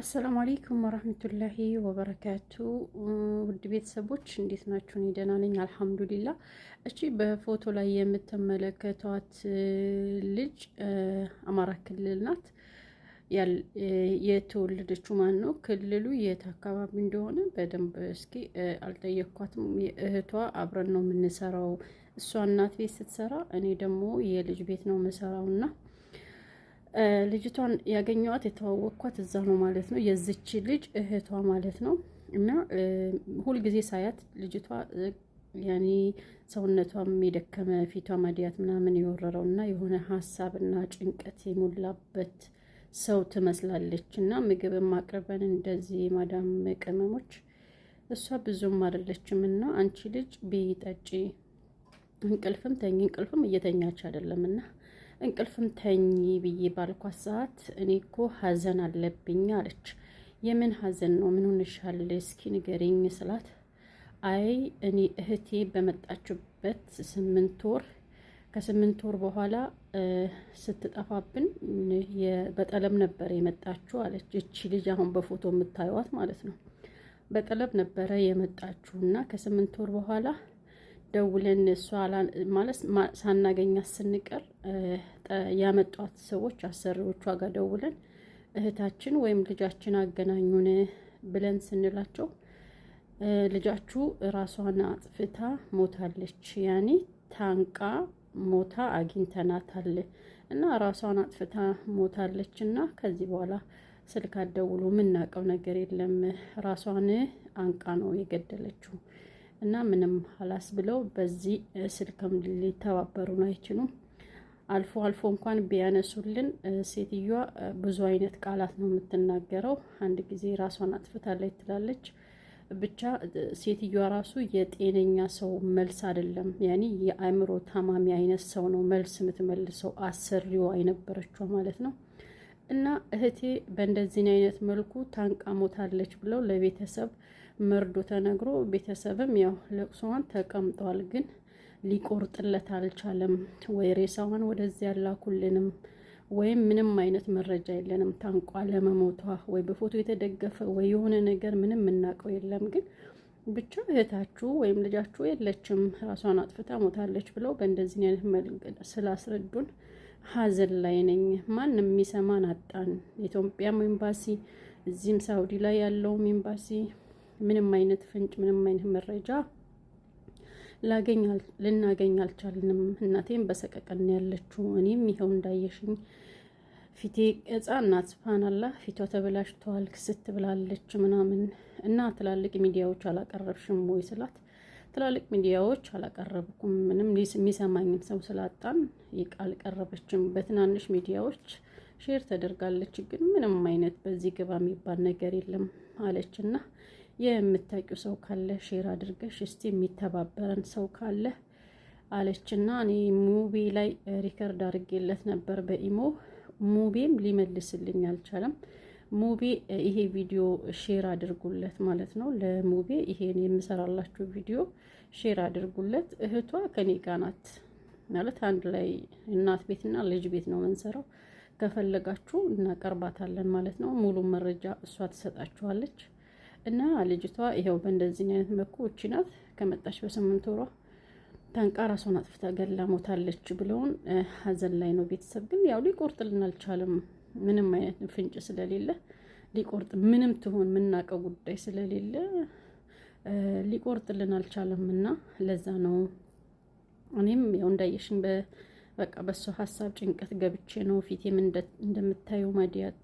አሰላሙ አሌይኩም ወረህመቱላሂ ወበረካቱ ውድ ቤተሰቦች እንዴት ናችሁ? እኔ ደህና ነኝ አልሐምዱሊላ። እቺ በፎቶ ላይ የምትመለከቷት ልጅ አማራ ክልል ናት። የተወለደችው ማን ነው? ክልሉ የት አካባቢ እንደሆነ በደንብ እስኪ አልጠየኳትም። እህቷ አብረን ነው የምንሰራው። እሷ እናት ቤት ስትሰራ፣ እኔ ደግሞ የልጅ ቤት ነው የምሰራውና ልጅቷን ያገኘዋት የተዋወቅኳት እዛ ነው ማለት ነው። የዝች ልጅ እህቷ ማለት ነው። እና ሁልጊዜ ሳያት ልጅቷ ያኔ ሰውነቷም የደከመ ፊቷ ማዲያት ምናምን የወረረው እና የሆነ ሀሳብና ጭንቀት የሞላበት ሰው ትመስላለች። እና ምግብም አቅርበን እንደዚህ ማዳም ቅመሞች እሷ ብዙም አይደለችም። እና አንቺ ልጅ ብይ፣ እንቅልፍም ተኝ፣ እንቅልፍም እየተኛች አይደለም እና እንቅልፍም ተኝ ብዬ ባልኳት ሰዓት እኔ እኮ ሀዘን አለብኝ አለች። የምን ሀዘን ነው? ምን ሆነሻል? እስኪ ንገሪኝ ስላት አይ እኔ እህቴ በመጣችበት ስምንት ወር ከስምንት ወር በኋላ ስትጠፋብን በጠለብ ነበረ የመጣችሁ አለች። እቺ ልጅ አሁን በፎቶ የምታዩዋት ማለት ነው። በጠለብ ነበረ የመጣችሁ እና ከስምንት ወር በኋላ ደውለን እሷ ማለት ሳናገኛት ስንቀር ያመጧት ሰዎች አሰሪዎቿ ጋር ደውለን እህታችን ወይም ልጃችን አገናኙን ብለን ስንላቸው ልጃችሁ ራሷን አጥፍታ ሞታለች፣ ያኔ ታንቃ ሞታ አግኝተናታል እና ራሷን አጥፍታ ሞታለች እና ከዚህ በኋላ ስልክ አደውሉ የምናውቀው ነገር የለም፣ ራሷን አንቃ ነው የገደለችው እና ምንም ሀላስ ብለው በዚህ ስልክም ሊተባበሩን አይችሉም። አልፎ አልፎ እንኳን ቢያነሱልን ሴትዮዋ ብዙ አይነት ቃላት ነው የምትናገረው። አንድ ጊዜ ራሷን አጥፍታለች ትላለች። ብቻ ሴትዮዋ ራሱ የጤነኛ ሰው መልስ አይደለም፣ ያኔ የአእምሮ ታማሚ አይነት ሰው ነው መልስ የምትመልሰው፣ አሰሪዋ የነበረችው ማለት ነው። እና እህቴ በእንደዚህን አይነት መልኩ ታንቃ ሞታለች ብለው ለቤተሰብ መርዶ ተነግሮ ቤተሰብም ያው ለቅሶዋን ተቀምጧል። ግን ሊቆርጥለት አልቻለም። ወይ ሬሳዋን ወደዚህ ያላኩልንም ወይም ምንም አይነት መረጃ የለንም። ታንቋ ለመሞቷ ወይ በፎቶ የተደገፈ ወይ የሆነ ነገር ምንም የምናውቀው የለም። ግን ብቻ እህታችሁ ወይም ልጃችሁ የለችም ራሷን አጥፍታ ሞታለች ብለው በእንደዚህ አይነት መልክ ስላስረዱን ሀዘን ላይ ነኝ። ማንም የሚሰማን አጣን። የኢትዮጵያም ኤምባሲ እዚህም ሳውዲ ላይ ያለውም ኤምባሲ ምንም አይነት ፍንጭ፣ ምንም አይነት መረጃ ልናገኝ አልቻልንም። እናቴም በሰቀቀን ያለችው እኔም ይኸው እንዳየሽኝ ፊቴ ህጻን ስብሃናላህ ፊቷ ተበላሽተዋል፣ ክስት ብላለች ምናምን እና ትላልቅ ሚዲያዎች አላቀረብሽም ወይ ስላት ትላልቅ ሚዲያዎች አላቀረብኩም ምንም የሚሰማኝም ሰው ስላጣን አልቀረበችም። በትናንሽ ሚዲያዎች ሼር ተደርጋለች፣ ግን ምንም አይነት በዚህ ግባ የሚባል ነገር የለም አለች እና የምታውቂው ሰው ካለ ሼር አድርገሽ እስቲ የሚተባበረን ሰው ካለ አለችና እኔ ሙቤ ላይ ሪከርድ አድርጌለት ነበር በኢሞ ሙቤም ሊመልስልኝ አልቻለም። ሙቤ ይሄ ቪዲዮ ሼር አድርጉለት ማለት ነው። ለሙቤ ይሄን የምሰራላችሁ ቪዲዮ ሼር አድርጉለት። እህቷ ከኔ ጋር ናት ማለት አንድ ላይ እናት ቤትና ልጅ ቤት ነው የምንሰራው። ከፈለጋችሁ እናቀርባታለን ማለት ነው። ሙሉ መረጃ እሷ ትሰጣችኋለች። እና ልጅቷ ይኸው በእንደዚህ አይነት መልኩ እቺ ናት ከመጣች በስምንት ወሯ ታንቃ ራሷን አጥፍታ ገላ ሞታለች ብለውን ሀዘን ላይ ነው። ቤተሰብ ግን ያው ሊቆርጥልን አልቻለም። ምንም አይነት ፍንጭ ስለሌለ ሊቆርጥ ምንም ትሆን የምናውቀው ጉዳይ ስለሌለ ሊቆርጥልን አልቻለም እና ለዛ ነው እኔም ያው እንዳየሽኝ በቃ በእሷ ሀሳብ ጭንቀት ገብቼ ነው ፊቴም እንደምታየው ማዲያት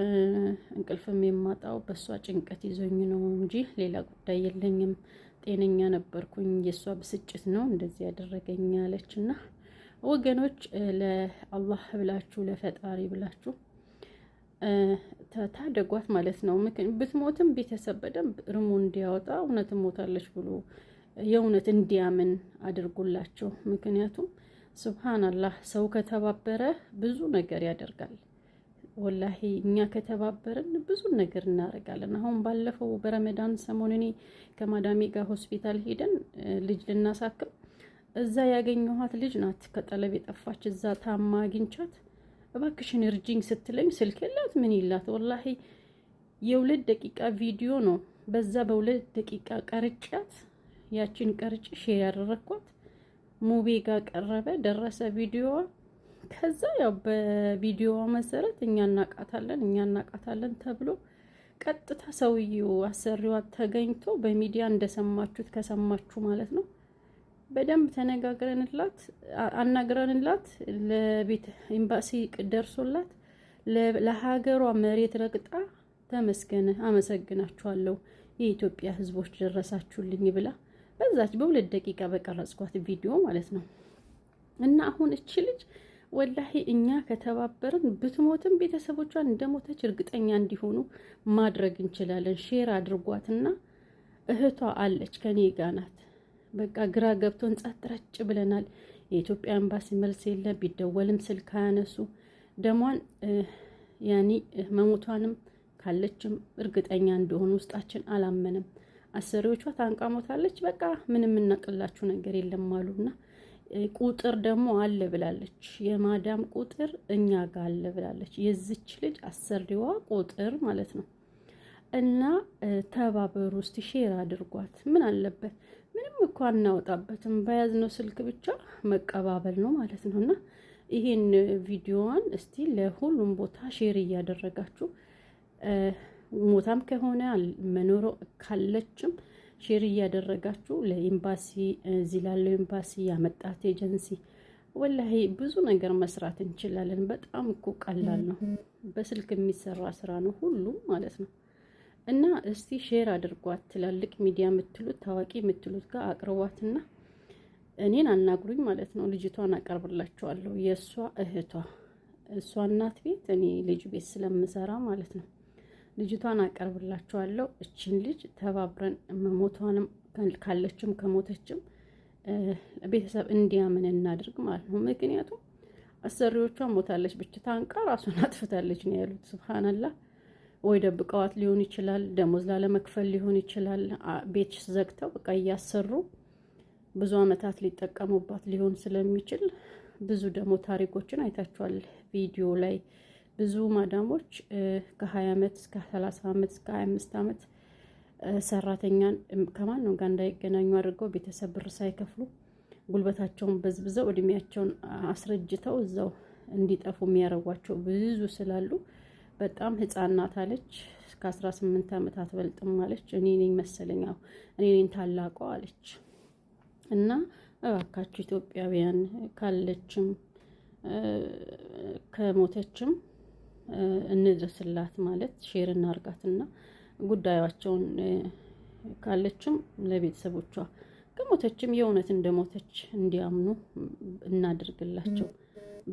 እንቅልፍም የማጣው በእሷ ጭንቀት ይዞኝ ነው እንጂ ሌላ ጉዳይ የለኝም። ጤነኛ ነበርኩኝ። የእሷ ብስጭት ነው እንደዚህ ያደረገኝ ያለች እና ወገኖች ለአላህ ብላችሁ ለፈጣሪ ብላችሁ ታደጓት ማለት ነው። ብትሞትም ቤተሰብ በደንብ እርሙ እንዲያወጣ እውነት ሞታለች ብሎ የእውነት እንዲያምን አድርጉላቸው። ምክንያቱም ሱብሃን አላህ ሰው ከተባበረ ብዙ ነገር ያደርጋል። ወላሂ እኛ ከተባበርን ብዙን ነገር እናደርጋለን። አሁን ባለፈው በረመዳን ሰሞን እኔ ከማዳሜ ጋር ሆስፒታል ሄደን ልጅ ልናሳክም እዛ ያገኘኋት ልጅ ናት ከጠለብ የጠፋች። እዛ ታማ አግኝቻት እባክሽን እርጅኝ ስትለኝ ስልክ የላት ምን ይላት። ወላሂ የሁለት ደቂቃ ቪዲዮ ነው። በዛ በሁለት ደቂቃ ቀርጫት፣ ያችን ቀርጭ ሼር ያደረግኳት ሙቤ ጋር ቀረበ ደረሰ ቪዲዮዋ ከዛ ያው በቪዲዮ መሰረት እኛ እናቃታለን እኛ እናቃታለን ተብሎ ቀጥታ ሰውዬው አሰሪዋ ተገኝቶ በሚዲያ እንደሰማችሁት ከሰማችሁ ማለት ነው። በደንብ ተነጋግረንላት አናግረንላት ለቤት ኤምባሲ ደርሶላት ለሀገሯ መሬት ረግጣ ተመስገነ አመሰግናችኋለሁ የኢትዮጵያ ሕዝቦች ደረሳችሁልኝ ብላ በዛች በሁለት ደቂቃ በቀረጽኳት ቪዲዮ ማለት ነው እና አሁን እቺ ልጅ ወላሂ እኛ ከተባበርን ብትሞትም ቤተሰቦቿን እንደሞተች እርግጠኛ እንዲሆኑ ማድረግ እንችላለን። ሼር አድርጓትና እህቷ አለች ከኔ ጋ ናት። በቃ ግራ ገብቶን ጸጥ ረጭ ብለናል። የኢትዮጵያ ኤምባሲ መልስ የለ፣ ቢደወልም ስልክ አያነሱ። ደሟን ያኒ መሞቷንም ካለችም እርግጠኛ እንደሆኑ ውስጣችን አላመንም። አሰሪዎቿ ታንቃ ሞታለች፣ በቃ ምንም እናቅላችሁ ነገር የለም አሉና ቁጥር ደግሞ አለ ብላለች። የማዳም ቁጥር እኛ ጋር አለ ብላለች። የዚች ልጅ አሰሪዋ ቁጥር ማለት ነው። እና ተባበሩ እስቲ ሼር አድርጓት። ምን አለበት? ምንም እኮ አናወጣበትም። በያዝነው ስልክ ብቻ መቀባበል ነው ማለት ነው። እና ይሄን ቪዲዮዋን እስቲ ለሁሉም ቦታ ሼር እያደረጋችሁ ሞታም ከሆነ መኖሮ ካለችም ሼር እያደረጋችሁ ለኤምባሲ እዚህ ላለው ኤምባሲ ያመጣት ኤጀንሲ ወላሂ ብዙ ነገር መስራት እንችላለን። በጣም እኮ ቀላል ነው። በስልክ የሚሰራ ስራ ነው ሁሉም ማለት ነው። እና እስቲ ሼር አድርጓት ትላልቅ ሚዲያ የምትሉት ታዋቂ የምትሉት ጋር አቅርቧትና እኔን አናግሩኝ ማለት ነው። ልጅቷን አቀርብላችኋለሁ። የእሷ እህቷ እሷ እናት ቤት እኔ ልጅ ቤት ስለምሰራ ማለት ነው ልጅቷን አቀርብላችኋለሁ። እችን ልጅ ተባብረን መሞቷንም ካለችም ከሞተችም ቤተሰብ እንዲያምን እናድርግ ማለት ነው። ምክንያቱም አሰሪዎቿ ሞታለች ብቻ ታንቃ ራሷን አጥፍታለች ነው ያሉት። ስብሓንላህ ወይ ደብቀዋት ሊሆን ይችላል፣ ደሞዝ ላለመክፈል ሊሆን ይችላል። ቤት ዘግተው በቃ እያሰሩ ብዙ አመታት ሊጠቀሙባት ሊሆን ስለሚችል ብዙ ደግሞ ታሪኮችን አይታችኋል ቪዲዮ ላይ ብዙ ማዳሞች ከ20 ዓመት እስከ 30 ዓመት እስከ 25 ዓመት ሰራተኛን ከማንም ጋር እንዳይገናኙ አድርገው ቤተሰብ ብር ሳይከፍሉ ጉልበታቸውን በዝብዘው እድሜያቸውን አስረጅተው እዛው እንዲጠፉ የሚያረጓቸው ብዙ ስላሉ በጣም ህጻናት አለች። እስከ 18 ዓመት አትበልጥም አለች። እኔ ነኝ መሰለኝ እኔ ነኝ ታላቋ አለች። እና እባካችሁ ኢትዮጵያውያን ካለችም ከሞተችም እንድረስላት ማለት ሼር እናርጋትና ጉዳያቸውን ካለችም ለቤተሰቦቿ ከሞተችም የእውነት እንደሞተች እንዲያምኑ እናድርግላቸው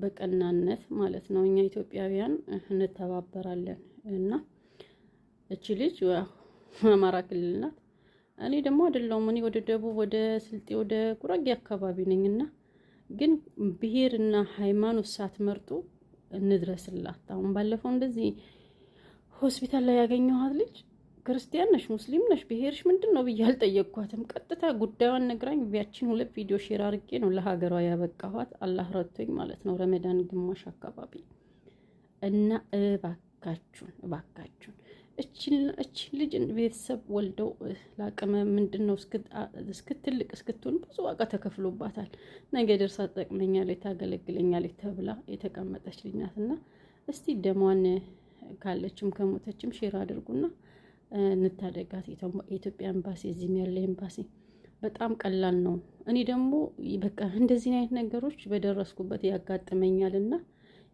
በቀናነት ማለት ነው። እኛ ኢትዮጵያውያን እንተባበራለን እና እቺ ልጅ አማራ ክልል ናት። እኔ ደግሞ አይደለሁም። እኔ ወደ ደቡብ ወደ ስልጤ ወደ ጉራጌ አካባቢ ነኝ እና ግን ብሔርና ሃይማኖት ሳትመርጡ እንድረስላት። አሁን ባለፈው እንደዚህ ሆስፒታል ላይ ያገኘኋት ልጅ ክርስቲያን ነሽ፣ ሙስሊም ነሽ፣ ብሄርሽ ምንድን ነው ብዬ አልጠየቅኳትም። ቀጥታ ጉዳዩን ነግራኝ ቢያችን ሁለት ቪዲዮ ሼር አድርጌ ነው ለሀገሯ ያበቃኋት። አላህ ረቶኝ ማለት ነው። ረመዳን ግማሽ አካባቢ እና እባካችሁን እባካችሁን እቺ ልጅ ቤተሰብ ወልደው ላቅመ ምንድን ነው እስክትልቅ እስክትሆን ብዙ ዋጋ ተከፍሎባታል። ነገ ደርሳ ትጠቅመኛለች፣ ታገለግለኛለች ተብላ የተቀመጠች ልጅ ናት እና እስቲ ደሟን ካለችም ከሞተችም ሼር አድርጉና እንታደጋት። የኢትዮጵያ ኤምባሲ፣ እዚህም ያለ ኤምባሲ በጣም ቀላል ነው። እኔ ደግሞ በቃ እንደዚህ አይነት ነገሮች በደረስኩበት ያጋጥመኛል እና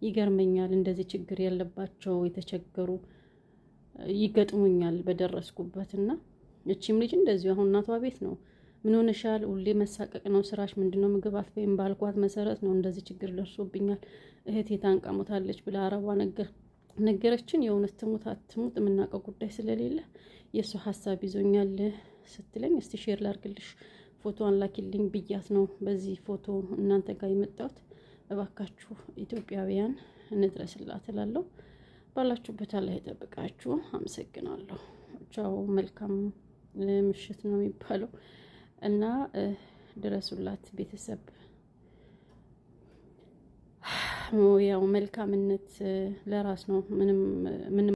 ይገርመኛል። እንደዚህ ችግር ያለባቸው የተቸገሩ ይገጥሙኛል በደረስኩበት እና እቺም ልጅ እንደዚሁ አሁን እናቷ ቤት ነው። ምን ሆነሻል? ሁሌ መሳቀቅ ነው ስራሽ ምንድነው ምግብ አትበይም ባልኳት መሰረት ነው እንደዚህ ችግር ደርሶብኛል፣ እህቴ ታንቃ ሞታለች ብላ አረቧ ነገር ነገረችን። የእውነት ትሙት አትሙት የምናውቀው ጉዳይ ስለሌለ የእሱ ሀሳብ ይዞኛል ስትለኝ እስቲ ሼር ላርግልሽ ፎቶ አንላኪልኝ ብያት ነው በዚህ ፎቶ እናንተ ጋር የመጣሁት። እባካችሁ ኢትዮጵያውያን እንድረስላት እላለሁ። ባላችሁበት አላህ ይጠብቃችሁ። አመሰግናለሁ። ቻው። መልካም ምሽት ነው የሚባለው እና ድረሱላት ቤተሰብ። ያው መልካምነት ለራስ ነው ምንም